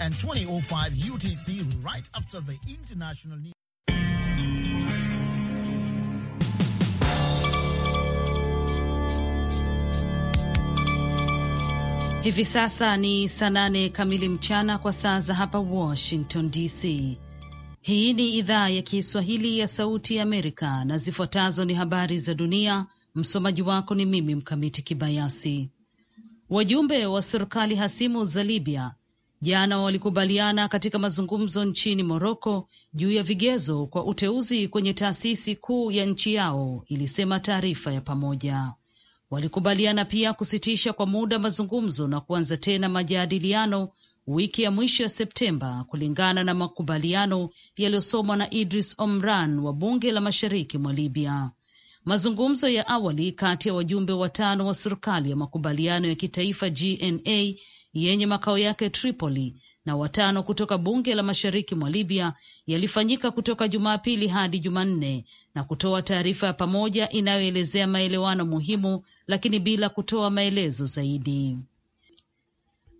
and 2005 UTC right after the international news. Hivi sasa ni saa nane kamili mchana kwa saa za hapa Washington DC. Hii ni idhaa ya Kiswahili ya Sauti ya Amerika na zifuatazo ni habari za dunia. Msomaji wako ni mimi Mkamiti Kibayasi. Wajumbe wa serikali hasimu za Libya jana walikubaliana katika mazungumzo nchini Moroko juu ya vigezo kwa uteuzi kwenye taasisi kuu ya nchi yao, ilisema taarifa ya pamoja. Walikubaliana pia kusitisha kwa muda mazungumzo na kuanza tena majadiliano wiki ya mwisho ya Septemba, kulingana na makubaliano yaliyosomwa na Idris Omran wa bunge la mashariki mwa Libya. Mazungumzo ya awali kati ya wajumbe watano wa serikali ya makubaliano ya kitaifa GNA yenye makao yake Tripoli na watano kutoka bunge la mashariki mwa Libya yalifanyika kutoka Jumapili hadi Jumanne na kutoa taarifa ya pamoja inayoelezea maelewano muhimu, lakini bila kutoa maelezo zaidi.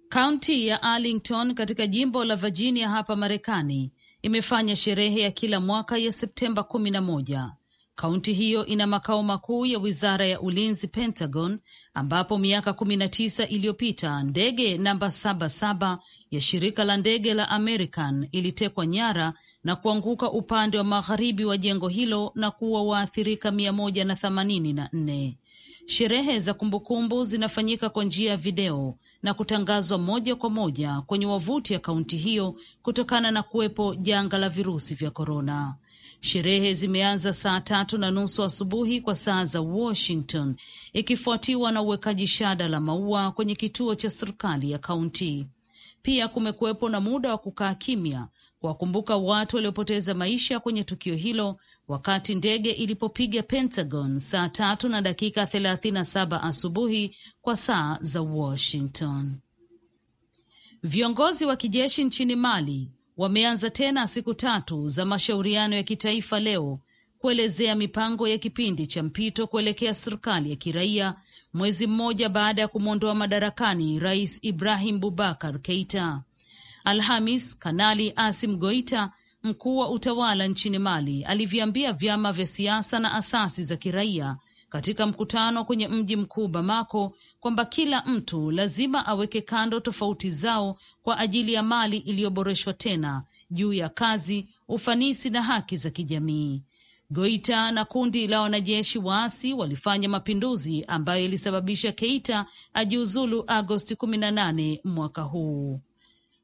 Kaunti ya Arlington katika jimbo la Virginia hapa Marekani imefanya sherehe ya kila mwaka ya Septemba kumi na moja Kaunti hiyo ina makao makuu ya wizara ya ulinzi Pentagon, ambapo miaka kumi na tisa iliyopita ndege namba saba saba ya shirika la ndege la American ilitekwa nyara na kuanguka upande wa magharibi wa jengo hilo na kuwa waathirika mia moja na themanini na nne. Sherehe za kumbukumbu zinafanyika kwa njia ya video na kutangazwa moja kwa moja kwenye wavuti ya kaunti hiyo kutokana na kuwepo janga la virusi vya korona. Sherehe zimeanza saa tatu na nusu asubuhi kwa saa za Washington, ikifuatiwa na uwekaji shada la maua kwenye kituo cha serikali ya kaunti. Pia kumekuwepo na muda wa kukaa kimya kuwakumbuka watu waliopoteza maisha kwenye tukio hilo wakati ndege ilipopiga Pentagon saa tatu na dakika 37 asubuhi kwa saa za Washington. Viongozi wa kijeshi nchini Mali wameanza tena siku tatu za mashauriano ya kitaifa leo kuelezea mipango ya kipindi cha mpito kuelekea serikali ya kiraia mwezi mmoja baada ya kumwondoa madarakani Rais Ibrahim Bubakar Keita. Alhamis, Kanali Asim Goita, mkuu wa utawala nchini Mali, aliviambia vyama vya siasa na asasi za kiraia katika mkutano kwenye mji mkuu Bamako kwamba kila mtu lazima aweke kando tofauti zao kwa ajili ya Mali iliyoboreshwa tena juu ya kazi, ufanisi na haki za kijamii. Goita na kundi la wanajeshi waasi walifanya mapinduzi ambayo ilisababisha Keita ajiuzulu Agosti 18 mwaka huu.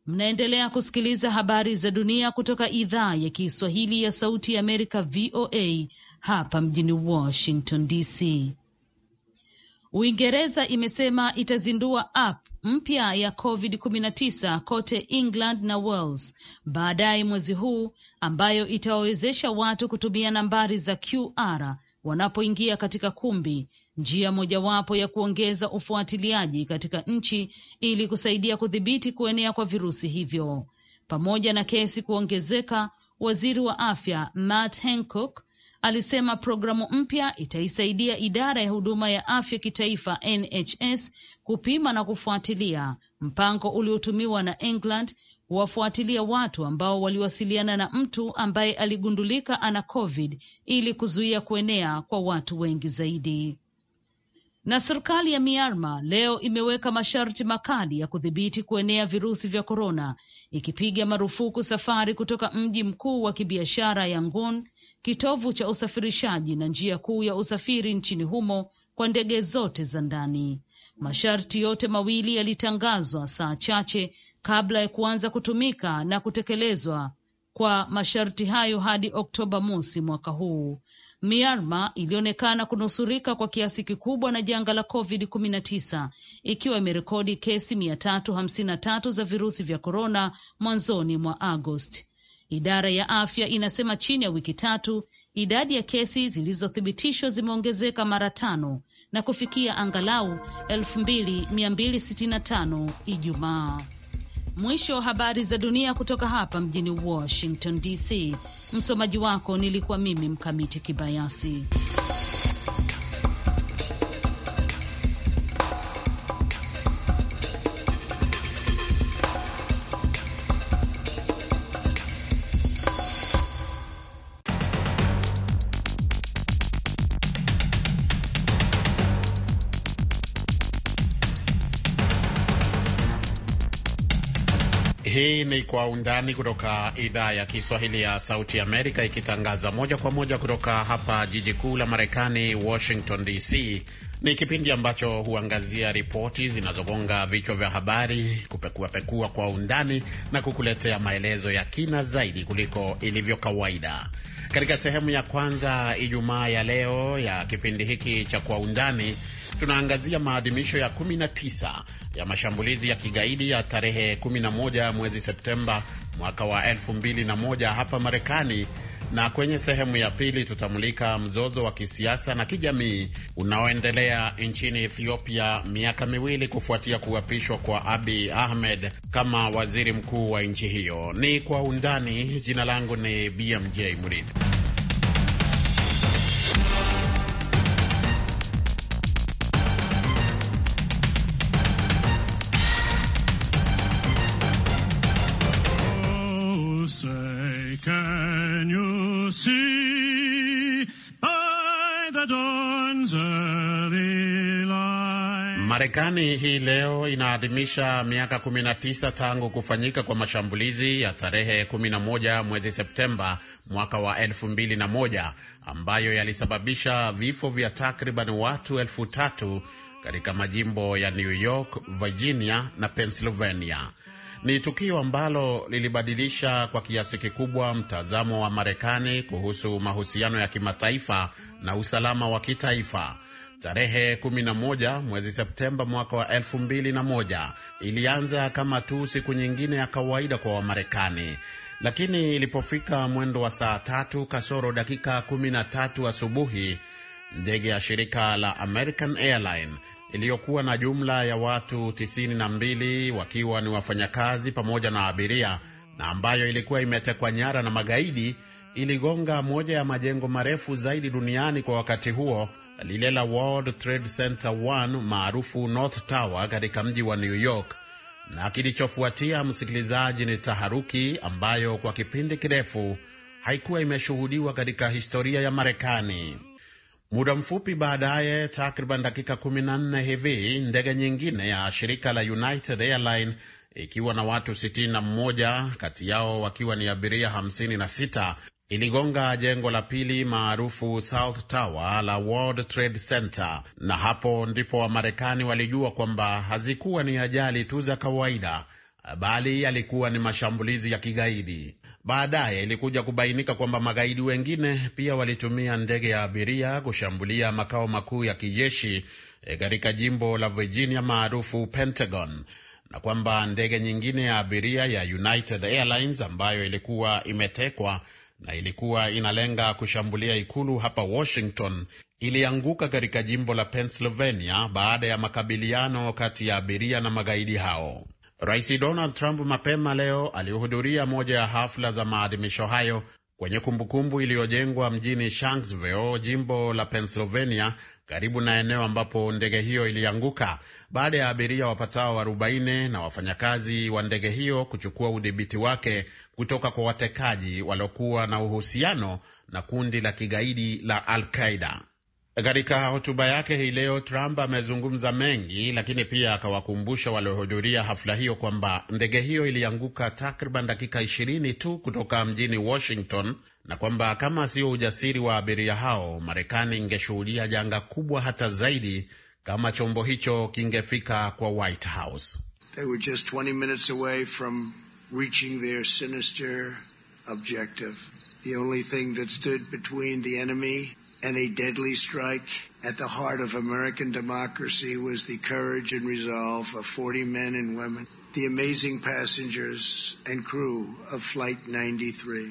Mnaendelea kusikiliza habari za dunia kutoka idhaa ya Kiswahili ya Sauti ya Amerika, VOA, hapa mjini Washington DC. Uingereza imesema itazindua app mpya ya COVID-19 kote England na Wales baadaye mwezi huu ambayo itawawezesha watu kutumia nambari za QR wanapoingia katika kumbi, njia mojawapo ya kuongeza ufuatiliaji katika nchi ili kusaidia kudhibiti kuenea kwa virusi hivyo. Pamoja na kesi kuongezeka, waziri wa afya Matt Hancock alisema programu mpya itaisaidia idara ya huduma ya afya kitaifa NHS kupima na kufuatilia mpango uliotumiwa na England kuwafuatilia watu ambao waliwasiliana na mtu ambaye aligundulika ana COVID ili kuzuia kuenea kwa watu wengi zaidi. Na serikali ya Myanmar leo imeweka masharti makali ya kudhibiti kuenea virusi vya korona, ikipiga marufuku safari kutoka mji mkuu wa kibiashara Yangon kitovu cha usafirishaji na njia kuu ya usafiri nchini humo kwa ndege zote za ndani. Masharti yote mawili yalitangazwa saa chache kabla ya kuanza kutumika na kutekelezwa kwa masharti hayo hadi Oktoba mosi mwaka huu. Myanmar ilionekana kunusurika kwa kiasi kikubwa na janga la COVID-19 ikiwa imerekodi kesi 353 za virusi vya korona mwanzoni mwa Agosti. Idara ya afya inasema chini ya wiki tatu idadi ya kesi zilizothibitishwa zimeongezeka mara tano na kufikia angalau 2265 Ijumaa. Mwisho wa habari za dunia kutoka hapa mjini Washington DC. Msomaji wako nilikuwa mimi Mkamiti Kibayasi. Kwa Undani kutoka idhaa ya Kiswahili ya Sauti Amerika, ikitangaza moja kwa moja kutoka hapa jiji kuu la Marekani, Washington DC. Ni kipindi ambacho huangazia ripoti zinazogonga vichwa vya habari, kupekuapekua kwa undani na kukuletea maelezo ya kina zaidi kuliko ilivyo kawaida. Katika sehemu ya kwanza Ijumaa ya leo ya kipindi hiki cha Kwa Undani, tunaangazia maadhimisho ya 19 ya mashambulizi ya kigaidi ya tarehe 11 mwezi Septemba mwaka wa 2001 hapa Marekani na kwenye sehemu ya pili tutamulika mzozo wa kisiasa na kijamii unaoendelea nchini Ethiopia miaka miwili kufuatia kuapishwa kwa Abiy Ahmed kama waziri mkuu wa nchi hiyo. Ni kwa undani. Jina langu ni BMJ Murithi. Marekani hii leo inaadhimisha miaka 19 tangu kufanyika kwa mashambulizi ya tarehe 11 mwezi Septemba mwaka wa 2001 ambayo yalisababisha vifo vya takriban watu elfu tatu katika majimbo ya New York, Virginia na Pennsylvania. Ni tukio ambalo lilibadilisha kwa kiasi kikubwa mtazamo wa Marekani kuhusu mahusiano ya kimataifa na usalama wa kitaifa. Tarehe 11 mwezi Septemba mwaka wa 2001 ilianza kama tu siku nyingine ya kawaida kwa Wamarekani, lakini ilipofika mwendo wa saa tatu kasoro dakika 13 asubuhi, ndege ya shirika la American Airline iliyokuwa na jumla ya watu 92 wakiwa ni wafanyakazi pamoja na abiria na ambayo ilikuwa imetekwa nyara na magaidi iligonga moja ya majengo marefu zaidi duniani kwa wakati huo lile la World Trade Center 1 maarufu North Tower katika mji wa New York, na kilichofuatia, msikilizaji, ni taharuki ambayo kwa kipindi kirefu haikuwa imeshuhudiwa katika historia ya Marekani. Muda mfupi baadaye, takriban dakika 14 hivi, ndege nyingine ya shirika la United Airlines ikiwa na watu 61 kati yao wakiwa ni abiria 56 iligonga jengo la pili maarufu South Tower la World Trade Center, na hapo ndipo Wamarekani walijua kwamba hazikuwa ni ajali tu za kawaida, bali yalikuwa ni mashambulizi ya kigaidi. Baadaye ilikuja kubainika kwamba magaidi wengine pia walitumia ndege ya abiria kushambulia makao makuu ya kijeshi e, katika jimbo la Virginia maarufu Pentagon, na kwamba ndege nyingine ya abiria ya United Airlines ambayo ilikuwa imetekwa na ilikuwa inalenga kushambulia ikulu hapa Washington, ilianguka katika jimbo la Pennsylvania baada ya makabiliano kati ya abiria na magaidi hao. Rais Donald Trump mapema leo alihudhuria moja ya hafla za maadhimisho hayo kwenye kumbukumbu iliyojengwa mjini Shanksville, jimbo la Pennsylvania, karibu na eneo ambapo ndege hiyo ilianguka baada ya abiria wapatao 40 na wafanyakazi wa ndege hiyo kuchukua udhibiti wake kutoka kwa watekaji waliokuwa na uhusiano na kundi la kigaidi la Al Qaida. Katika hotuba yake hii leo, Trump amezungumza mengi, lakini pia akawakumbusha waliohudhuria hafla hiyo kwamba ndege hiyo ilianguka takriban dakika ishirini tu kutoka mjini Washington na kwamba kama sio ujasiri wa abiria hao, Marekani ingeshuhudia janga kubwa hata zaidi kama chombo hicho kingefika kwa White House. They were just 20 minutes away from reaching their sinister objective. The only thing that stood between the enemy and a deadly strike. At the heart of American democracy was the courage and resolve of 40 men and women, the amazing passengers and crew of Flight 93.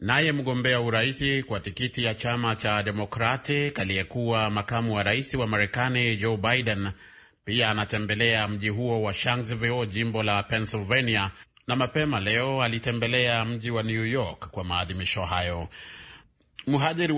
Naye mgombea uraisi kwa tikiti ya chama cha Democratic aliyekuwa makamu wa rais wa Marekani Joe Biden pia anatembelea mji huo wa Shanksville, jimbo la Pennsylvania, na mapema leo alitembelea mji wa New York kwa maadhimisho hayo. Mhadhiri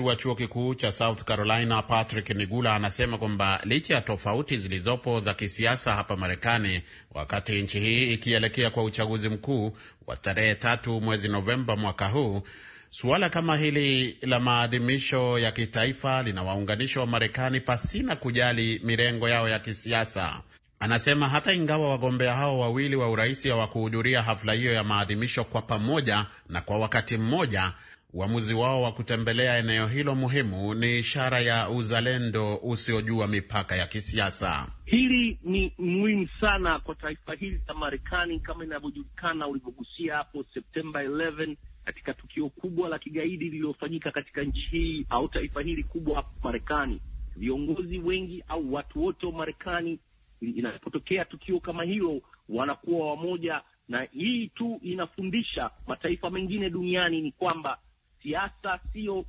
wa chuo kikuu cha South Carolina Patrick Nigula anasema kwamba licha ya tofauti zilizopo za kisiasa hapa Marekani, wakati nchi hii ikielekea kwa uchaguzi mkuu wa tarehe tatu mwezi Novemba mwaka huu, suala kama hili la maadhimisho ya kitaifa linawaunganisha wa Marekani pasina kujali mirengo yao ya kisiasa. Anasema hata ingawa wagombea hao wawili wa urais hawakuhudhuria hafla hiyo ya maadhimisho kwa pamoja na kwa wakati mmoja Uamuzi wao wa kutembelea eneo hilo muhimu ni ishara ya uzalendo usiojua mipaka ya kisiasa. Hili ni muhimu sana kwa taifa hili la Marekani, kama inavyojulikana ulivyogusia hapo Septemba 11 katika tukio kubwa la kigaidi lililofanyika katika nchi hii au taifa hili kubwa hapo Marekani. Viongozi wengi au watu wote wa Marekani, inapotokea tukio kama hilo, wanakuwa wamoja, na hii tu inafundisha mataifa mengine duniani ni kwamba siasa sio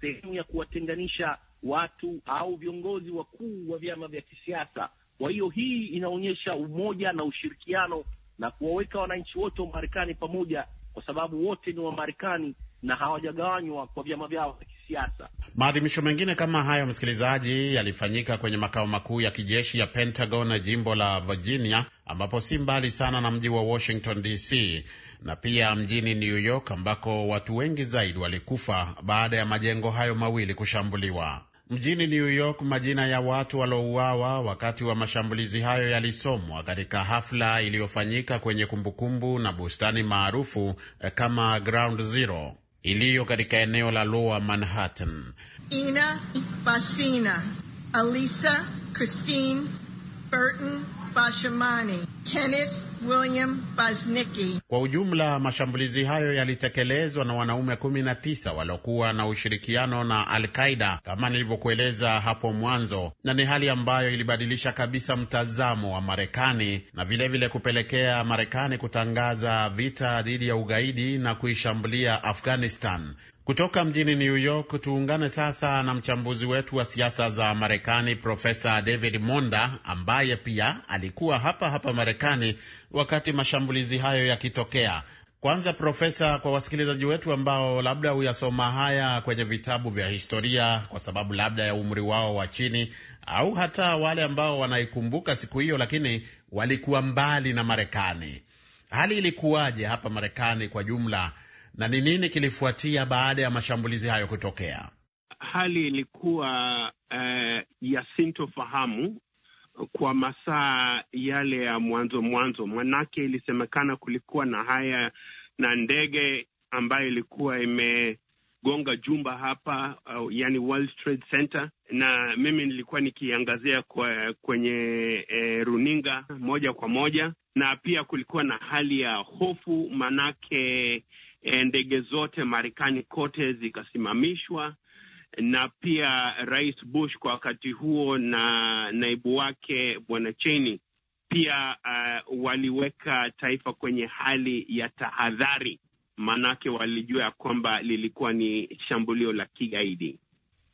sehemu ya kuwatenganisha watu au viongozi wakuu wa vyama vya kisiasa. Kwa hiyo hii inaonyesha umoja na ushirikiano na kuwaweka wananchi wote wa Marekani pamoja, kwa sababu wote ni Wamarekani na hawajagawanywa kwa vyama vyao vya kisiasa. Maadhimisho mengine kama hayo, msikilizaji, yalifanyika kwenye makao makuu ya kijeshi ya Pentagon jimbo la Virginia, ambapo si mbali sana na mji wa Washington DC, na pia mjini New York ambako watu wengi zaidi walikufa baada ya majengo hayo mawili kushambuliwa. Mjini New York, majina ya watu waliouawa wakati wa mashambulizi hayo yalisomwa katika hafla iliyofanyika kwenye kumbukumbu na bustani maarufu eh, kama Ground Zero iliyo katika eneo la Lower Manhattan. Ina Basina, Alisa, Christine Burton Bashamani, Kenneth William Baznicki. Kwa ujumla mashambulizi hayo yalitekelezwa na wanaume 19 waliokuwa na ushirikiano na Al-Qaida kama nilivyokueleza hapo mwanzo, na ni hali ambayo ilibadilisha kabisa mtazamo wa Marekani na vilevile vile kupelekea Marekani kutangaza vita dhidi ya ugaidi na kuishambulia Afghanistan. Kutoka mjini New York tuungane sasa na mchambuzi wetu wa siasa za Marekani Profesa David Monda ambaye pia alikuwa hapa hapa Marekani wakati mashambulizi hayo yakitokea. Kwanza Profesa, kwa wasikilizaji wetu ambao labda huyasoma haya kwenye vitabu vya historia kwa sababu labda ya umri wao wa chini au hata wale ambao wanaikumbuka siku hiyo lakini walikuwa mbali na Marekani, hali ilikuwaje hapa Marekani kwa jumla na ni nini kilifuatia baada ya mashambulizi hayo kutokea? Hali ilikuwa uh, ya sintofahamu kwa masaa yale ya mwanzo mwanzo, manake ilisemekana kulikuwa na haya na ndege ambayo ilikuwa imegonga jumba hapa uh, yani World Trade Center, na mimi nilikuwa nikiangazia kwa, kwenye eh, runinga moja kwa moja, na pia kulikuwa na hali ya hofu manake Eh, ndege zote Marekani kote zikasimamishwa, na pia Rais Bush kwa wakati huo na naibu wake Bwana Cheney pia uh, waliweka taifa kwenye hali ya tahadhari, maanake walijua ya kwamba lilikuwa ni shambulio la kigaidi.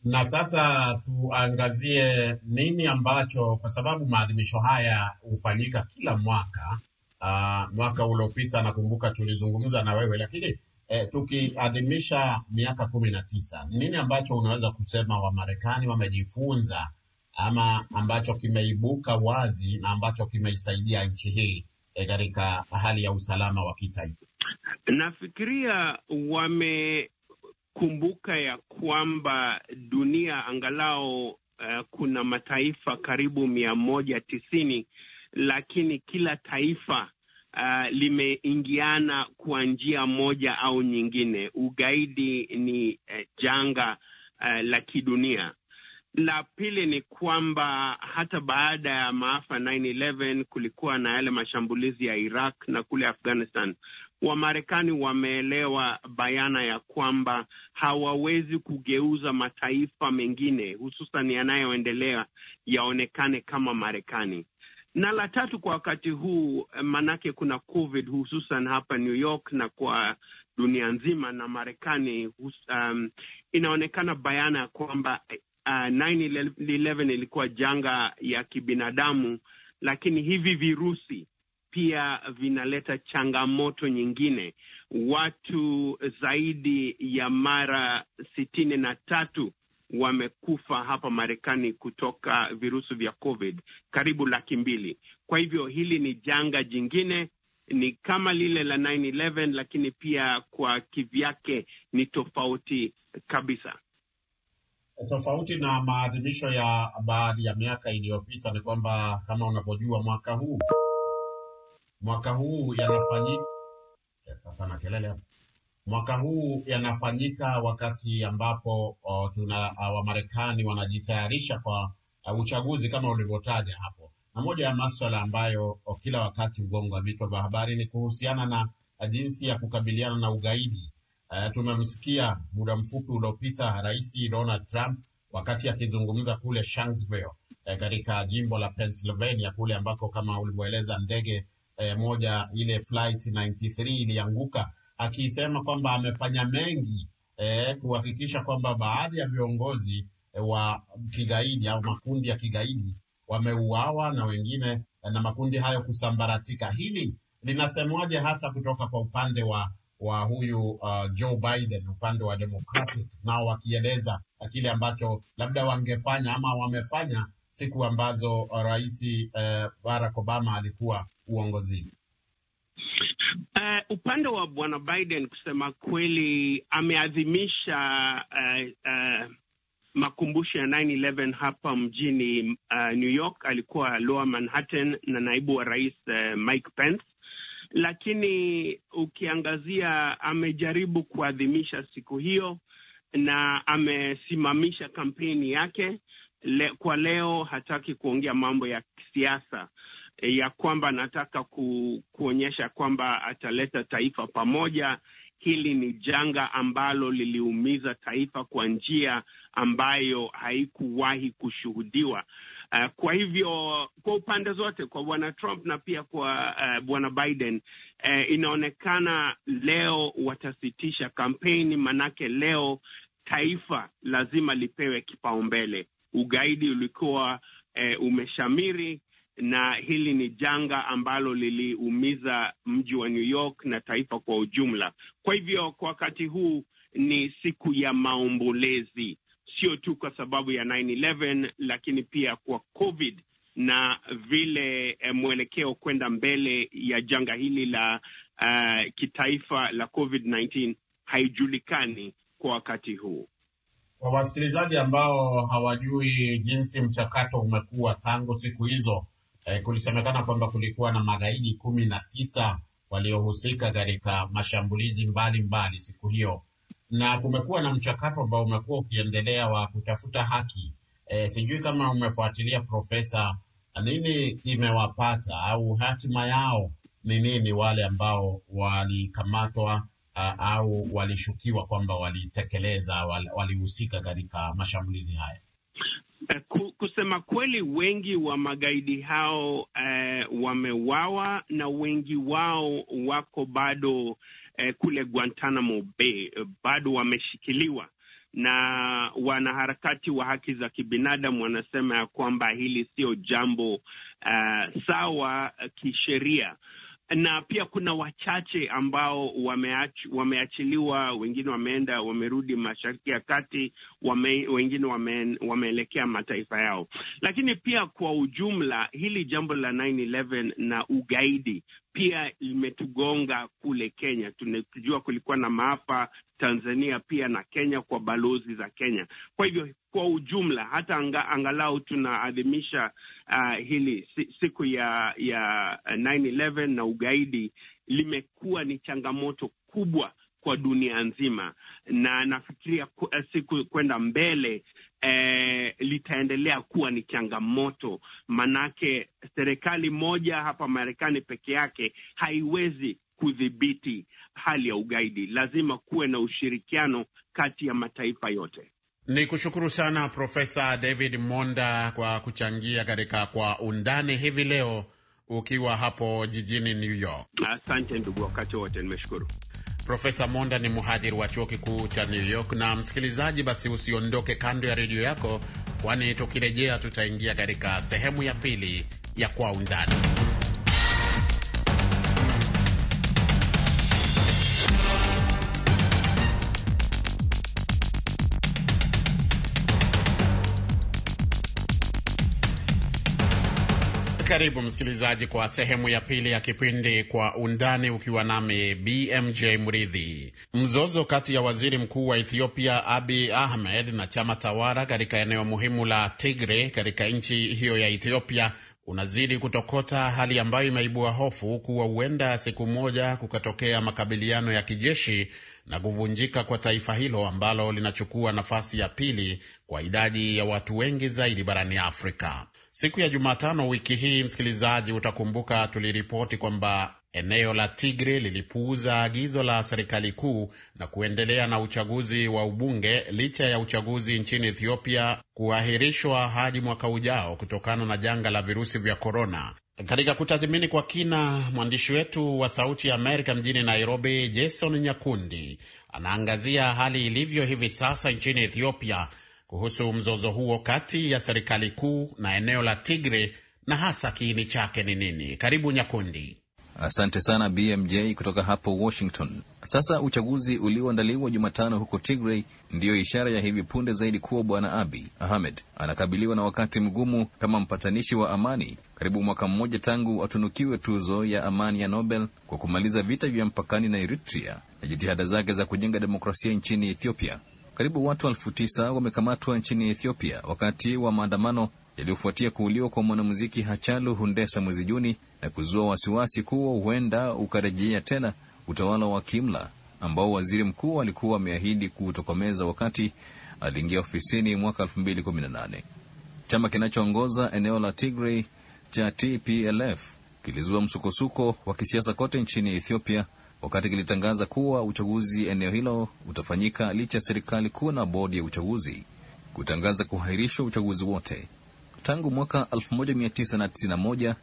Na sasa tuangazie nini ambacho, kwa sababu maadhimisho haya hufanyika kila mwaka uh, mwaka uliopita nakumbuka tulizungumza na wewe, lakini eh, tukiadhimisha miaka kumi na tisa, nini ambacho unaweza kusema Wamarekani wamejifunza ama ambacho kimeibuka wazi na ambacho kimeisaidia nchi hii eh, katika hali ya usalama wa kitaifa? Nafikiria wamekumbuka ya kwamba dunia angalau uh, kuna mataifa karibu mia moja tisini lakini kila taifa uh, limeingiana kwa njia moja au nyingine. Ugaidi ni uh, janga uh, la kidunia. La pili ni kwamba hata baada ya maafa 9/11 kulikuwa na yale mashambulizi ya Iraq na kule Afghanistan. Wamarekani wameelewa bayana ya kwamba hawawezi kugeuza mataifa mengine hususan yanayoendelea yaonekane kama Marekani na la tatu kwa wakati huu, eh, manake kuna COVID hususan hapa New York na kwa dunia nzima na Marekani, um, inaonekana bayana ya kwamba uh, eh, 9/11 ilikuwa janga ya kibinadamu, lakini hivi virusi pia vinaleta changamoto nyingine. Watu zaidi ya mara sitini na tatu wamekufa hapa Marekani kutoka virusi vya COVID, karibu laki mbili. Kwa hivyo hili ni janga jingine, ni kama lile la 9/11 lakini pia kwa kivyake ni tofauti kabisa. Tofauti na maadhimisho ya baadhi ya miaka iliyopita ni kwamba kama unavyojua, mwaka huu mwaka huu yanafanyika, hapana kelele mwaka huu yanafanyika wakati ambapo o, tuna Wamarekani wanajitayarisha kwa uh, uchaguzi kama ulivyotaja hapo, na moja ya maswala ambayo o, kila wakati wa vichwa vya habari ni kuhusiana na jinsi ya kukabiliana na ugaidi. Uh, tumemsikia muda mfupi uliopita Rais Donald Trump wakati akizungumza kule Shanksville eh, katika jimbo la Pennsylvania kule ambako kama ulivyoeleza ndege eh, moja ile flight 93 ilianguka akisema kwamba amefanya mengi eh, kuhakikisha kwamba baadhi ya viongozi eh, wa kigaidi au makundi ya kigaidi wameuawa na wengine eh, na makundi hayo kusambaratika. Hili linasemwaje hasa kutoka kwa upande wa wa huyu uh, Joe Biden upande wa Democratic, nao wakieleza eh, kile ambacho labda wangefanya ama wamefanya siku ambazo uh, rais uh, Barack Obama alikuwa uongozini. Uh, upande wa bwana Biden kusema kweli ameadhimisha uh, uh, makumbusho ya 911 hapa mjini uh, New York. Alikuwa Lower Manhattan na naibu wa rais uh, Mike Pence, lakini ukiangazia amejaribu kuadhimisha siku hiyo na amesimamisha kampeni yake le, kwa leo hataki kuongea mambo ya kisiasa. E, ya kwamba anataka ku, kuonyesha kwamba ataleta taifa pamoja. Hili ni janga ambalo liliumiza taifa kwa njia ambayo haikuwahi kushuhudiwa. Uh, kwa hivyo kwa upande zote, kwa bwana Trump na pia kwa uh, bwana Biden uh, inaonekana leo watasitisha kampeni, manake leo taifa lazima lipewe kipaumbele. Ugaidi ulikuwa uh, umeshamiri na hili ni janga ambalo liliumiza mji wa New York na taifa kwa ujumla. Kwa hivyo kwa wakati huu ni siku ya maombolezi, sio tu kwa sababu ya 9/11 lakini pia kwa COVID na vile eh, mwelekeo kwenda mbele ya janga hili la uh, kitaifa la COVID-19 haijulikani kwa wakati huu. Kwa wasikilizaji ambao hawajui jinsi mchakato umekuwa tangu siku hizo, eh, kulisemekana kwamba kulikuwa na magaidi kumi na tisa waliohusika katika mashambulizi mbalimbali mbali siku hiyo, na kumekuwa na mchakato ambao umekuwa ukiendelea wa kutafuta haki. E, sijui kama umefuatilia Profesa, nini kimewapata au hatima yao ni nini, wale ambao walikamatwa au walishukiwa kwamba walitekeleza, walihusika katika mashambulizi haya? Eh, kusema kweli, wengi wa magaidi hao eh, wamewawa na wengi wao wako bado eh, kule Guantanamo Bay, bado wameshikiliwa na wanaharakati wa haki za kibinadamu wanasema ya kwamba hili sio jambo uh, sawa kisheria na pia kuna wachache ambao wameach, wameachiliwa, wengine wameenda wamerudi mashariki ya kati, wame, wengine wame, wameelekea mataifa yao. Lakini pia kwa ujumla hili jambo la 9/11 na ugaidi pia imetugonga kule Kenya. Tunajua kulikuwa na maafa Tanzania pia na Kenya kwa balozi za Kenya. Kwa hivyo kwa ujumla, hata anga, angalau tunaadhimisha uh, hili siku ya ya 9/11 uh, na ugaidi limekuwa ni changamoto kubwa kwa dunia nzima, na nafikiria uh, siku kwenda mbele eh, litaendelea kuwa ni changamoto, manake serikali moja hapa Marekani peke yake haiwezi kudhibiti hali ya ugaidi. Lazima kuwe na ushirikiano kati ya mataifa yote. Ni kushukuru sana Profesa David Monda kwa kuchangia katika Kwa Undani hivi leo ukiwa hapo jijini New York. Asante ndugu, wakati wote nimeshukuru. Profesa Monda ni mhadhiri wa chuo kikuu cha New York. Na msikilizaji, basi usiondoke kando ya redio yako, kwani tukirejea tutaingia katika sehemu ya pili ya Kwa Undani. Karibu msikilizaji, kwa sehemu ya pili ya kipindi Kwa Undani, ukiwa nami BMJ Mridhi. Mzozo kati ya waziri mkuu wa Ethiopia Abi Ahmed na chama tawala katika eneo muhimu la Tigre katika nchi hiyo ya Ethiopia unazidi kutokota, hali ambayo imeibua hofu kuwa huenda siku moja kukatokea makabiliano ya kijeshi na kuvunjika kwa taifa hilo ambalo linachukua nafasi ya pili kwa idadi ya watu wengi zaidi barani Afrika. Siku ya Jumatano wiki hii, msikilizaji, utakumbuka tuliripoti kwamba eneo la Tigri lilipuuza agizo la serikali kuu na kuendelea na uchaguzi wa ubunge licha ya uchaguzi nchini Ethiopia kuahirishwa hadi mwaka ujao kutokana na janga la virusi vya korona. Katika kutathmini kwa kina, mwandishi wetu wa Sauti ya Amerika mjini Nairobi, Jason Nyakundi, anaangazia hali ilivyo hivi sasa nchini Ethiopia kuhusu mzozo huo kati ya serikali kuu na eneo la Tigre na hasa kiini chake ni nini. Karibu Nyakundi. Asante sana BMJ kutoka hapo Washington. Sasa uchaguzi ulioandaliwa Jumatano huko Tigray ndiyo ishara ya hivi punde zaidi kuwa Bwana abi Ahmed anakabiliwa na wakati mgumu kama mpatanishi wa amani, karibu mwaka mmoja tangu atunukiwe tuzo ya amani ya Nobel kwa kumaliza vita vya mpakani na Eritrea na jitihada zake za kujenga demokrasia nchini Ethiopia. Karibu watu elfu tisa wamekamatwa nchini Ethiopia wakati wa maandamano yaliyofuatia kuuliwa kwa mwanamuziki Hachalu hundesa mwezi Juni na kuzua wasiwasi kuwa huenda ukarejea tena utawala wa kimla ambao waziri mkuu alikuwa ameahidi kuutokomeza wakati aliingia ofisini mwaka 2018. Chama kinachoongoza eneo la Tigray cha TPLF kilizua msukosuko wa kisiasa kote nchini Ethiopia wakati kilitangaza kuwa uchaguzi eneo hilo utafanyika licha ya serikali kuwa na bodi ya uchaguzi kutangaza kuhairishwa uchaguzi wote. Tangu mwaka 1991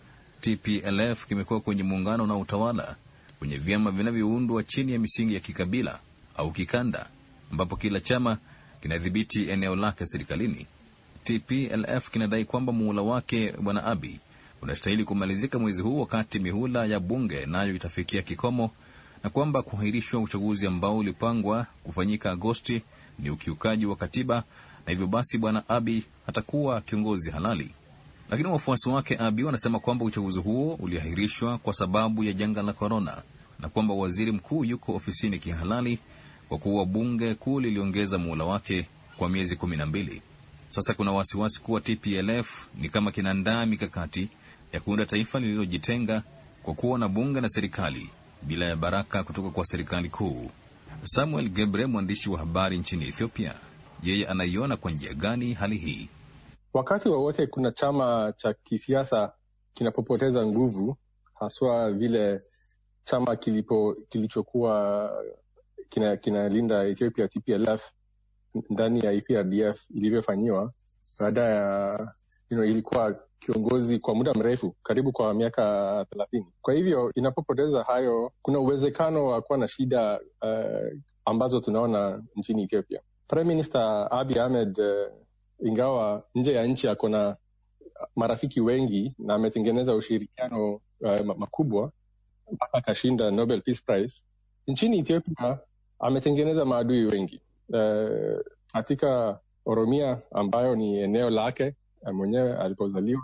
TPLF kimekuwa kwenye muungano na utawala kwenye vyama vinavyoundwa chini ya misingi ya kikabila au kikanda, ambapo kila chama kinadhibiti eneo lake serikalini. TPLF kinadai kwamba muhula wake Bwana Abi unastahili kumalizika mwezi huu, wakati mihula ya bunge nayo itafikia kikomo na kwamba kuahirishwa uchaguzi ambao ulipangwa kufanyika Agosti ni ukiukaji wa katiba na hivyo basi bwana Abi atakuwa kiongozi halali. Lakini wafuasi wake Abi wanasema kwamba uchaguzi huo uliahirishwa kwa sababu ya janga la korona na kwamba waziri mkuu yuko ofisini kihalali kwa kuwa bunge kuu liliongeza muhula wake kwa miezi kumi na mbili. Sasa kuna wasiwasi kuwa TPLF ni kama kinaandaa mikakati ya kuunda taifa lililojitenga kwa kuwa na bunge na serikali bila ya baraka kutoka kwa serikali kuu. Samuel Gebre, mwandishi wa habari nchini Ethiopia, yeye anaiona kwa njia gani hali hii? Wakati wowote wa kuna chama cha kisiasa kinapopoteza nguvu, haswa vile chama kilipo, kilichokuwa kinalinda kina Ethiopia TPLF ndani ya EPRDF ilivyofanyiwa baada ya you know, ilikuwa kiongozi kwa muda mrefu, karibu kwa miaka thelathini. Kwa hivyo inapopoteza hayo, kuna uwezekano wa kuwa na shida uh, ambazo tunaona nchini Ethiopia. Prime Minister Ahmed uh, ingawa nje ya nchi ako na marafiki wengi na ametengeneza ushirikiano uh, makubwa mpaka akashinda Nobel Peace Prize. Nchini Ethiopia ametengeneza maadui wengi uh, katika Oromia ambayo ni eneo lake Eh, mwenyewe alipozaliwa.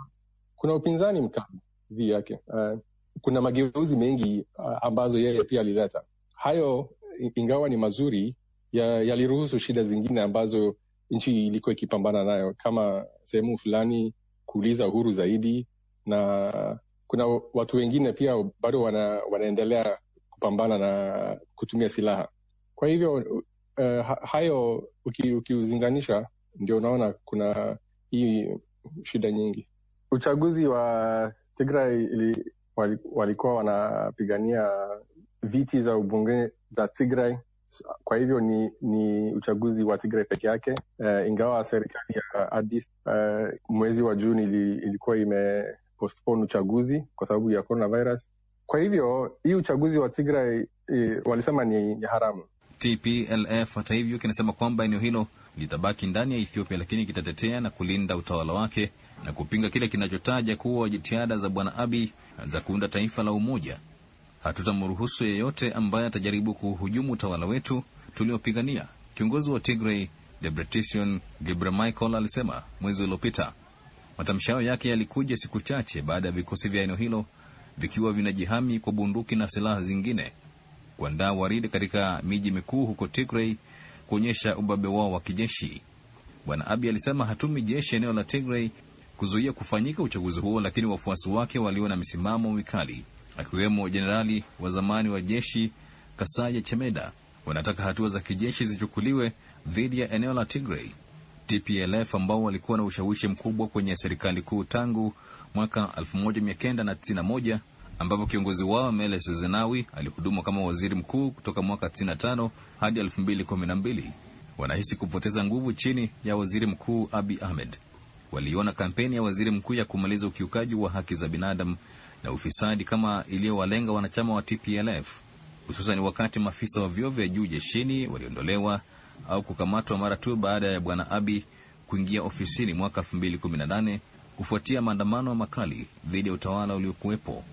Kuna upinzani mkali dhidi yake. Uh, kuna mageuzi mengi uh, ambazo yeye pia alileta. Hayo ingawa ni mazuri, yaliruhusu ya shida zingine ambazo nchi ilikuwa ikipambana nayo, kama sehemu fulani kuuliza uhuru zaidi, na kuna watu wengine pia bado wana, wanaendelea kupambana na kutumia silaha. Kwa hivyo uh, hayo ukiuzinganisha, uki ndio unaona kuna hii shida nyingi. Uchaguzi wa Tigray walikuwa wanapigania viti za ubunge za Tigray, kwa hivyo ni, ni uchaguzi wa Tigray peke yake. Uh, ingawa serikali ya Addis uh, mwezi wa Juni ili, ilikuwa ime uchaguzi kwa sababu ya coronavirus. Kwa hivyo hii uchaguzi wa Tigray eh, walisema ni, ni haramu. TPLF hata hivyo kinasema kwamba eneo hilo litabaki ndani ya Ethiopia, lakini kitatetea na kulinda utawala wake na kupinga kile kinachotaja kuwa jitihada za Bwana abi za kuunda taifa la umoja. Hatutamruhusu yeyote ambaye atajaribu kuhujumu utawala wetu tuliopigania, kiongozi wa Tigray Debretsion Gebremichael alisema mwezi uliopita. Matamshi hayo yake yalikuja siku chache baada ya vikosi vya eneo hilo vikiwa vinajihami kwa bunduki na silaha zingine kuandaa waridi katika miji mikuu huko Tigray kuonyesha ubabe wao wa kijeshi. Bwana Abiy alisema hatumi jeshi eneo la Tigray kuzuia kufanyika uchaguzi huo, lakini wafuasi wake walio na misimamo mikali akiwemo jenerali wa zamani wa jeshi Kasaya Chemeda wanataka hatua za kijeshi zichukuliwe dhidi ya eneo la Tigray. TPLF ambao walikuwa na ushawishi mkubwa kwenye serikali kuu tangu mwaka 1991 ambapo kiongozi wao Mele Sezenawi alihudumu kama waziri mkuu kutoka mwaka 95 hadi 2012. Wanahisi kupoteza nguvu chini ya waziri mkuu Abi Ahmed. Waliona kampeni ya waziri mkuu ya kumaliza ukiukaji wa haki za binadamu na ufisadi kama iliyowalenga wanachama wa TPLF, hususan wakati maafisa wa vyeo vya juu jeshini waliondolewa au kukamatwa mara tu baada ya bwana Abi kuingia ofisini mwaka 2018 kufuatia maandamano makali dhidi ya utawala uliokuwepo.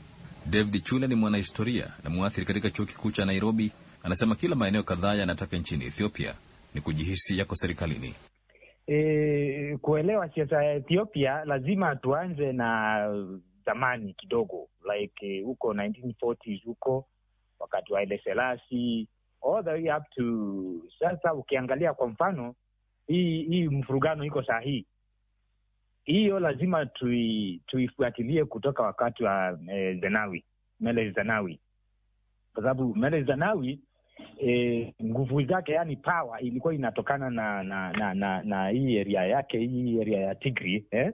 David Chula ni mwanahistoria na mwathiri katika chuo kikuu cha Nairobi. Anasema kila maeneo kadhaa yanataka nchini Ethiopia ni kujihisi yako serikalini. E, kuelewa siasa ya Ethiopia lazima tuanze na zamani kidogo, like e, huko 1940s huko wakati wa Haile Selassie all the way up to sasa. Ukiangalia kwa mfano hii hii mfurugano iko saa hii hiyo lazima tui, tuifuatilie kutoka wakati wa e, Zenawi mele Zenawi, kwa sababu mele Zenawi e, nguvu zake yani power ilikuwa inatokana na na na, na, na hii eria yake hii eria ya Tigri eh?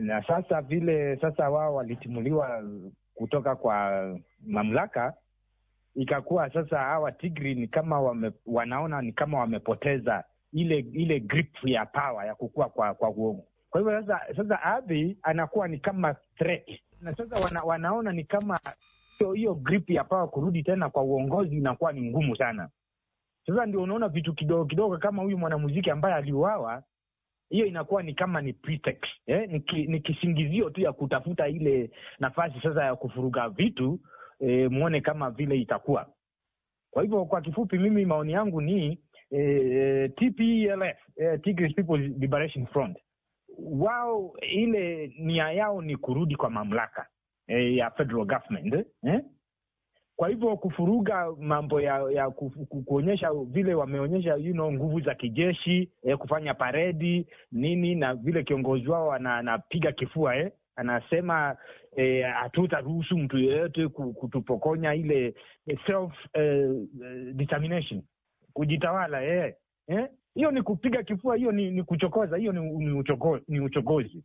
na sasa vile sasa wao walitimuliwa kutoka kwa mamlaka ikakuwa sasa hawa Tigri ni kama wame, wanaona ni kama wamepoteza ile ile grip ya power ya kukua kwa kwa kwa hivyo sasa sasa Abiy anakuwa ni kama threat, na sasa wana, wanaona ni kama hiyo grip ya pawa kurudi tena kwa uongozi inakuwa ni ngumu sana. Sasa ndio unaona vitu kidogo kidogo kama huyu mwanamuziki ambaye aliuawa, hiyo inakuwa ni kama ni pretext, eh? ni, ki, ni kisingizio tu ya kutafuta ile nafasi sasa ya kufuruga vitu eh, muone kama vile itakuwa. Kwa hivyo kwa kifupi, mimi maoni yangu ni eh, TPLF, eh, e eh Tigray People's Liberation Front wao ile nia yao ni kurudi kwa mamlaka e, ya federal government eh? Kwa hivyo kufuruga mambo ya ya kuonyesha vile wameonyesha you know, nguvu za kijeshi eh, kufanya paredi nini na vile kiongozi wao anapiga kifua eh? Anasema eh, hatutaruhusu eh, mtu yeyote kutupokonya ile self eh, eh, determination kujitawala eh? Eh? Hiyo ni kupiga kifua, hiyo ni, ni kuchokoza, hiyo ni, ni, uchoko, ni uchokozi.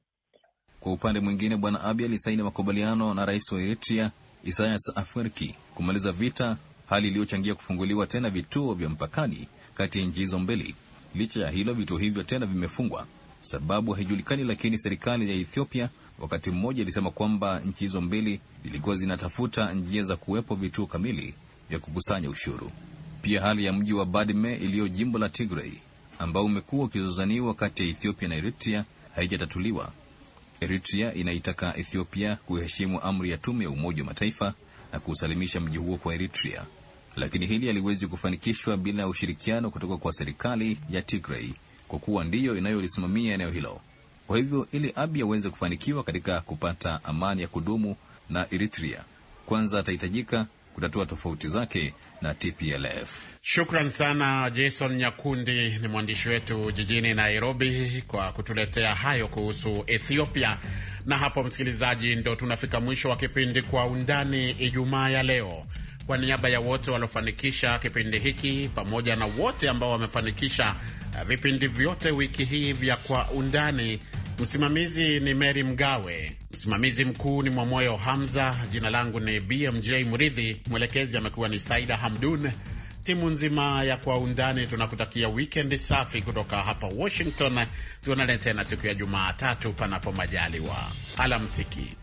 Kwa upande mwingine, Bwana Abiy alisaini makubaliano na rais wa Eritrea Isaias Afwerki kumaliza vita, hali iliyochangia kufunguliwa tena vituo vya mpakani kati ya nchi hizo mbili. Licha ya hilo, vituo hivyo tena vimefungwa, sababu haijulikani. Lakini serikali ya Ethiopia wakati mmoja ilisema kwamba nchi hizo mbili zilikuwa zinatafuta njia za kuwepo vituo kamili vya kukusanya ushuru. Pia hali ya mji wa Badme iliyo jimbo la Tigray ambao umekuwa ukizozaniwa kati ya Ethiopia na Eritrea haijatatuliwa. Eritrea inaitaka Ethiopia kuheshimu amri ya tume ya Umoja wa Mataifa na kuusalimisha mji huo kwa Eritrea, lakini hili haliwezi kufanikishwa bila ushirikiano kutoka kwa serikali ya Tigray kwa kuwa ndiyo inayolisimamia eneo hilo. Kwa hivyo ili abi aweze kufanikiwa katika kupata amani ya kudumu na Eritrea, kwanza atahitajika kutatua tofauti zake na TPLF. Shukran sana Jason Nyakundi, ni mwandishi wetu jijini Nairobi, kwa kutuletea hayo kuhusu Ethiopia. Na hapo, msikilizaji, ndo tunafika mwisho wa kipindi Kwa Undani Ijumaa ya leo. Kwa niaba ya wote waliofanikisha kipindi hiki pamoja na wote ambao wamefanikisha eh, vipindi vyote wiki hii vya Kwa Undani Msimamizi ni Mary Mgawe, msimamizi mkuu ni Mwamoyo Hamza. Jina langu ni BMJ Muridhi, mwelekezi amekuwa ni Saida Hamdun. Timu nzima ya Kwa Undani tunakutakia wikendi safi kutoka hapa Washington. Tuonane tena siku ya Jumatatu, panapo majaliwa. Alamsiki.